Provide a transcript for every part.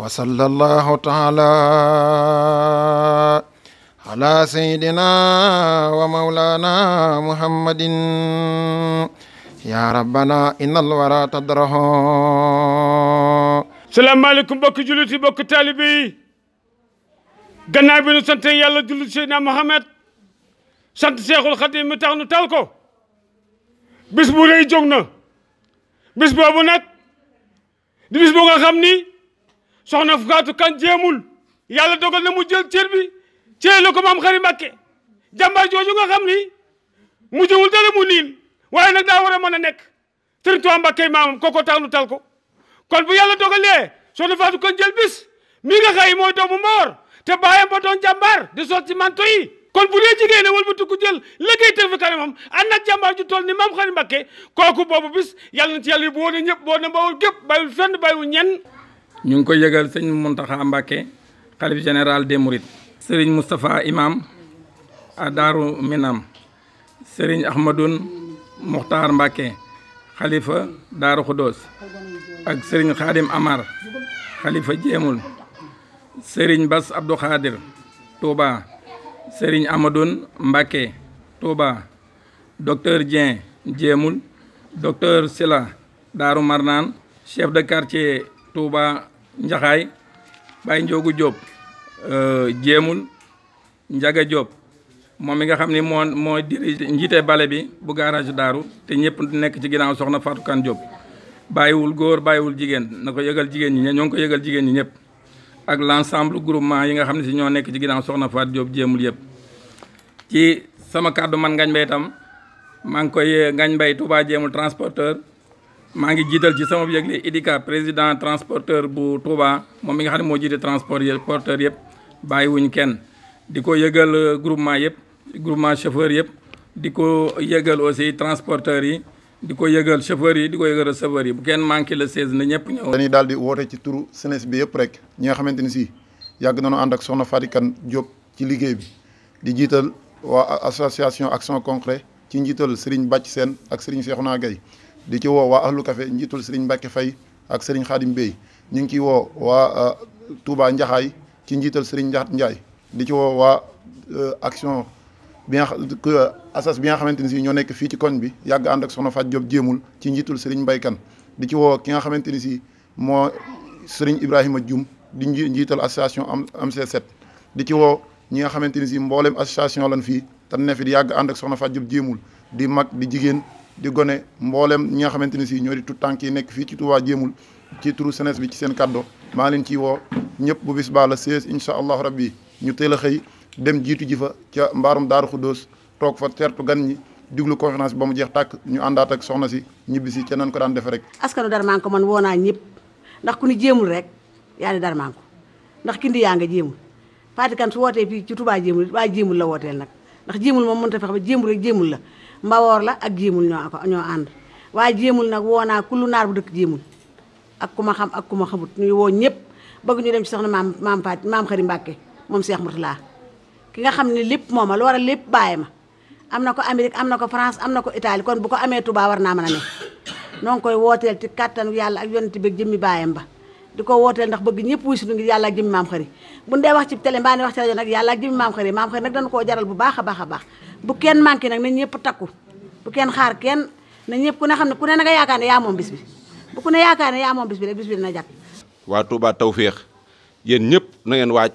وصلى الله تعالى على سيدنا ومولانا محمد يا ربنا إن الورى تدره bokk jullit bokk taalibe yi nu sant yàlla jullit Seydina Mohamed sant Seexul Xadim mi tax nu tal ko bis bu na bis nag di bis bu ni soxna Fatou kan jéemul yàlla dogal na mu jël cër bi cër la ko maam xarit Mbàkke jàmbaar jooju nga xam ni mu jëwul dara mu niin waaye nag daa war a mën a nekk Sëriñ Tuubaa Mbàkke maamam kooko tax nu tal ko kon bu yàlla dogalee soxna Fatou kan jël bis mi nga xay mooy doomu Mboor te bàyyam ba doon jàmbaar di sotti man yi kon bu dee jigéen ne wëlbatu ko jël liggéey teg fi kanamam ànd ak jàmbaar ju toll ni maam xarit Mbàkke kooku boobu bis yàlla na ci yàlla yi ñëpp boo na mbawul gépp ñu ngi koy yëgal sëñ Mountakha Mbacké xalif général des Mourides. sëriñ Moustapha imaam a Daaru Minam sëriñ Ahmadoun Mokhtar Mbacké xalifa Daaru Khoudoos ak sëriñ Khadim Amar xalifa Jéemul sëriñ Bass Abdou Khadir Touba sëriñ Amadoun Mbacké Touba docteur Dieng Jéemul docteur Sila Daaru Marnaan chef de quartier Touba Njaxaay Baye Njoogu Diop euh, jéemul Njaga Diop moom mi nga xam ni moo moo dirige njiite bale bi bu garage daaru te ñëpp nekk ci ginnaaw soxna Fatou Kane Diop bàyyiwul góor bàyyiwul jigéen na ko yëgal jigéen ñi ñoo ngi ko yëgal jigéen ñi ñëpp ak l'ensemble groupement yi nga xam ne si ñoo nekk ci ginnaaw soxna Fatou Diop jéemul yëpp ci sama kàddu man ngañ mbay tam maa ngi koy ngañ mbay tubaa jéemul transporteur maa ngi jiital ci sama yëgle IDICAP président transporteur bu Touba moom mi nga xam ne moo jiite transport porteur yëpp bàyyiwuñ kenn di ko yëgal euh, groupement yëpp groupement chauffeur yëpp di ko yëgal aussi transporteur yi di ko yëgal chauffeur yi di ko yëgal receveur yi bu kenn manqué le 16 na ñëpp ñëw. dañuy daal di woote ci turu SNES bi yëpp rek ñi nga xamante ni si yàgg nañu ànd ak soxna Faty Kane ci liggéey bi di jiital waa association action concret ci njiital Serigne Bàcc Sène ak Serigne Cheikhouna Gueye di ci woo waa ahlu café njiitul sëriñ Mbacke Faye ak sëriñ Xaadim béy ñu ngi ci woo waa euh, Touba Njaxaay ci njiital sëriñ Njaxat Njaay di ci woo waa euh, action bi nga asas bi nga xamante ni si ñoo nekk fii ci koñ bi yàgg ànd ak soxna Faj Job jéemul ci njiitul sëriñ Mbaykan di ci woo ki nga xamante ni si moo sëriñ Ibrahima Dioum di njiital association am am set di ci woo ñi nga xamante ni si mboolem association lan fii te yàgg ànd ak soxna Faj Job jéemul di mag di jigéen di gone mboolem ñi xamante ne si ñoo di tout tànk yi nekk fii ci Touba jéemul ci turu senes bi ci seen kaddo maa leen ciy woo ñëpp bu bis baa la sées incha allahu rabbi ñu teel a xëy dem jiitu ji fa ca mbaarum daaru xuddoos toog fa tertu gan ñi diglu conférence ba mu jeex tàkk ñu àndaat ak soxna si ñibbi si ca nañ ko daan defe rek askanu Darmanko man woo naa ñëpp ndax ku ni jéemul rek yaa ni ko ndax kindi yaa nga jéemul Fatikan su wootee fii ci Touba waa jéemul la wooteel nag ndax jéemul moom mënta fex ba jéemul rek jéemul la mbawoor la ak jéemul ñoo ko ñoo ànd waaye jéemul nag woo naa ku naar bu dëkk jéemul ak ku ma xam ak ku ma xamut ñuy woo ñëpp bëgg ñu dem ci soxna maam maam Faat maam Xari Mbàkke moom Seex laa ki nga xam ne lépp mooma lu war a lépp bàyyi ma am na ko Amérique am na ko France am na ko Italie kon bu ko amee Touba war naa mën a ne noo ngi koy wooteel ci kàttan yàlla ak yonent bi jëmmi baayam ba di ko wooteel ndax bëgg ñëpp wuy suñu ngir yàlla ak jëmmi maam xëri wax ci télé mbaa ne wax ci rajo nag yàlla ak jëmmi koo jaral bu baax a baax a baax bu kenn manqué nag nañ ñëpp takku bu kenn xaar kenn na ñëpp ku ne xam ne ku ne na nga yaakaar ne yaa moom bis bi bu ku ne yaakaar ne yaa bis bi rek bis bi waa Touba Tawféex yéen ñëpp na ngeen waaj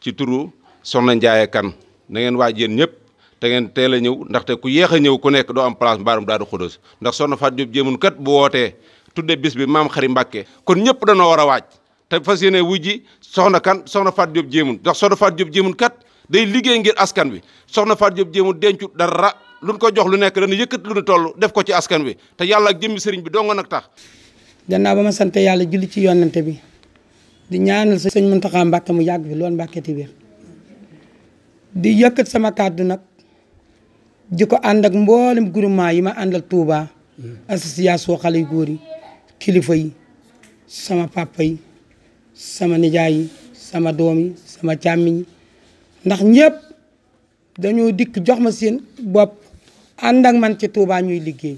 ci turu Soxna Ndiaye kan na ngeen waaj yéen ñëpp te ngeen teel a ñëw ndaxte ku yéex a ñëw ku nekk doo am place mbaarum daadu xudos ndax soxna Fatou Diop jéemun kat bu wootee tudde bis bi maam xari Mbàkke kon ñëpp danoo war a waaj te fas yéene wuj ji soxna kan soxna Fatou day liggéey ngir askan wi soxna Fatou Diop jéemu dencu dara luñ ko jox lu nekk dana yëkkat lu ñu toll def ko ci askan wi te yàlla ak jëmmi sëriñ bi dong nag tax. gannaaw ba ma sant yàlla julli ci yonante bi di ñaanal sa sëñ Mountakha Mbacké mu yàgg fi loolu Mbacké ti di yëkkat sama kàddu nag di ko ànd ak mboolem groupement yi ma àndal Touba. association xale yu góor yi kilifa yi sama papa sama nijaay sama doom yi sama càmmiñ ndax ñëpp dañoo dikk jox ma seen bopp ànd man ci tuubaa ñuy liggéey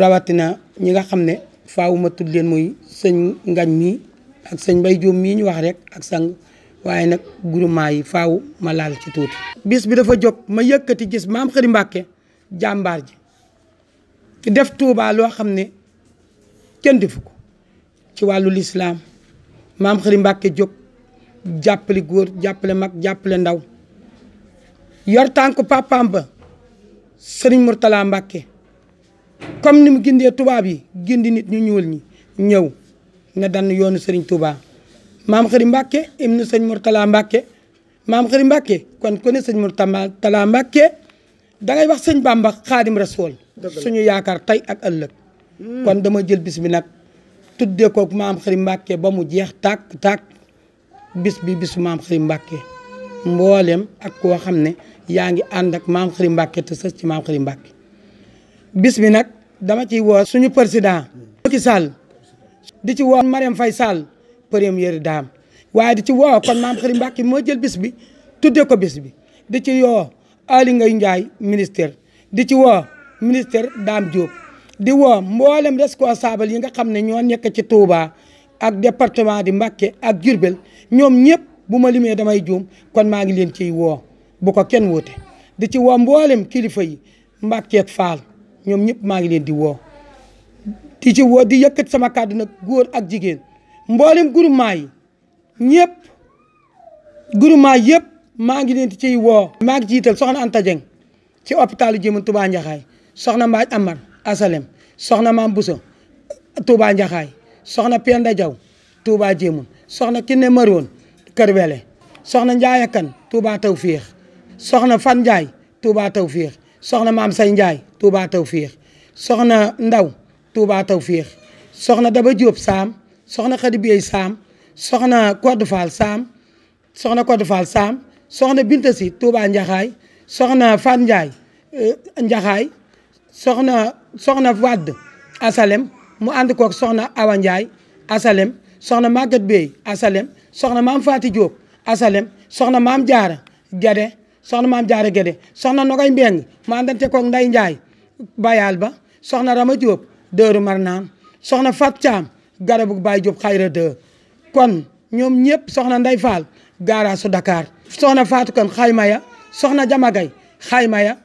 rawatina ñi nga xam ne faw ma tudd leen mooy sëñ ngañ mii ak sëñ bay Jóom mii ñu wax rekk ak sang waaye nag groupement yi faaw ma laal ci tuuti. bis bi dafa jóg ma yëkkati gis maam Xari jàmbaar ji ci def tuubaa loo xam ne kenn defu ko ci wàllu lislaam maam Xari Mbàkke jóg. jàppale góor jàppale mag jàppale ndaw yor tànku papaam sëriñ Mourtala Mbàkke comme ni mu gindee tubaab yi gindi nit ñu ñuul ñi ñëw ne dan yoonu sëriñ Touba maam xëri Mbàkke im nu sëñ Mourtala Mbàkke maam xëri Mbàkke kon ku ne sëñ Mourtala Mbàkke dangay wax sëñ Bàmba xaadim rasool suñu yaakaar tey ak ëllëg hmm. kon dama jël bis bi nag tuddee ko maam xëri Mbàkke ba mu jeex tàkk tàkk bis bi bisu maam xëri Mbàkke mboolem ak koo xam ne yaa ngi ànd ak maam xëri Mbàkke te sës ci maam xëri Mbàkke bis bi nag dama ciy woo suñu président Macky Sall di ci woo Marième Faye Sall première dame waaye di ci woo kon maam xëri Mbàkke moo jël bis bi tuddee ko bis bi di ci yoo Aly Ngouille Ndiaye ministère di ci woo ministère Dame Diop di woo mboolem responsable yi nga xam ne ñoo nekk ci Touba ak département di Mbacké ak Diourbel ñoom ñëpp bu ma limee damay juum kon maa ngi leen ci woo bu ko kenn woote di ci woo mboolem kilifa yi Mbacké ak Faal ñoom ñëpp maa ngi leen di woo di ci di yëkkat sama kàddu nag góor ak jigéen mboolem groupement yi ñëpp groupement yëpp maa ngi leen di ciy woo maagi ngi jiital soxna Anta Dieng ci hôpitalu Jéeman Touba Ndiakhaay soxna Mbaaj Amar Asalem soxna Maam Bousso Touba Ndiakhaay soxna Penda Diaw Touba Jéemun sokna Kiné Maroon Kër Wele soxna Ndiaye Kane Touba Tawfiix soxna Fan Ndiaye Touba Tawfiix soxna Maam Say Ndiaye Touba Tawfiix soxna Ndaw Touba Tawfiix soxna Daba Diop Saam soxna Khady Bieye Saam soxna Kodou Fall Saam soxna Kodou Fall Saam soxna Binta Si Touba Njaxaay soxna Fan euh, soxna soxna Wadd Asalem mu ànd koog soxna Awa Ndiaye asalem soxna Maguette Bey asalem soxna maam Faati Diop asalem soxna maam Jaara Gede soxna maam Jaara Gede soxna Nogay Mbeng mu àndante koog Nday Ndiaye Bayal ba soxna Rama Diop Dóoru Marnaan soxna Fat Caam garabu Baay Diop xayra de kon ñoom ñëpp soxna Nday Fall gaaraasu Dakar soxna Fatou Kan xayma ya soxna Jamagay xayma ya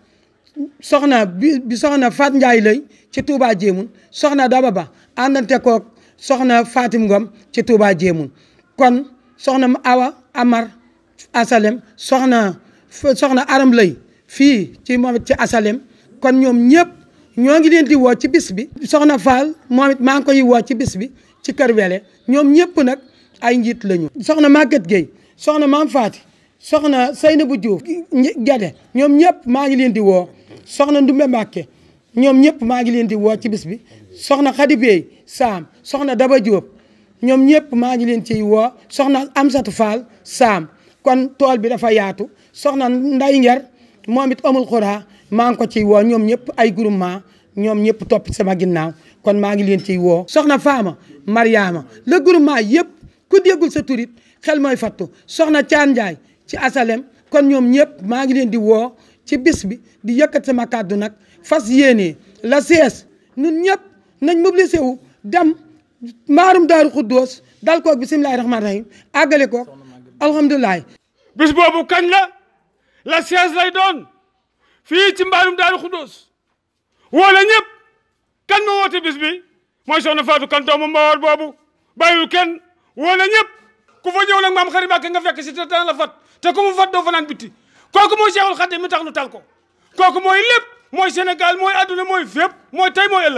soxna bi soxna Faat Njaay lay ci Touba Jéemun soxna Daba Ba àndante koog soxna Fatim Ngom ci Touba Jéemun kon soxna Awa Amar Asalem soxna soxna Aram lay fii ci moom ci Asalem kon ñoom ñëpp ñoo ngi leen di woo ci bis bi. soxna Fall moom it maa ngi koy woo ci bis bi ci Kër Wele ñoom ñëpp nag ay njiit lañu. soxna Maguette Gueye soxna Maam Faati soxna Seynabou Diouf Gade ñoom ñëpp maa ngi leen di woo. soxna Ndumbe Mbàkke ñoom ñëpp maa ngi leen di woo ci bis bi soxna Xadi Bey Saam soxna Daba Diop ñoom ñëpp maa ngi leen ciy woo soxna Amsatu Fall Saam kon tool bi dafa yaatu soxna Nday Nger moom it amul xuraa maa ngi ko ciy woo ñoom ñëpp ay groupement ñoom ñëpp topp sama ginnaaw kon maa ngi leen ciy woo soxna Faama Mariama le groupement yëpp ku déggul sa turit xel mooy fattu soxna Caan Njaay ci asalem kon ñoom ñëpp maa ngi leen di woo ci bis bi di yëkkat sama kàddu nag fas yéene la sees ñun ñëpp nañ mobilisé wu mbarum maarum daaru xuddoos dal koog bisimilahi rahmaani rahim àggale ko alhamdulilah bis boobu kañ la la sees lay doon fii ci mbaarum daaru xuddoos wala ñëpp kan ma woote bis bi mooy soxna Fatou Kanto moom ma woor boobu bàyyiwul kenn wala ñëpp ku fa ñëw nag maam xari Mbàkke nga fekk si te dana la fat te ku mu fat doo fanaan bitti kooku mooy Cheikhul Khadim mi tax nu tal ko kooku mooy lépp mooy Sénégal mooy adduna mooy fépp mooy tey mooy ëllëg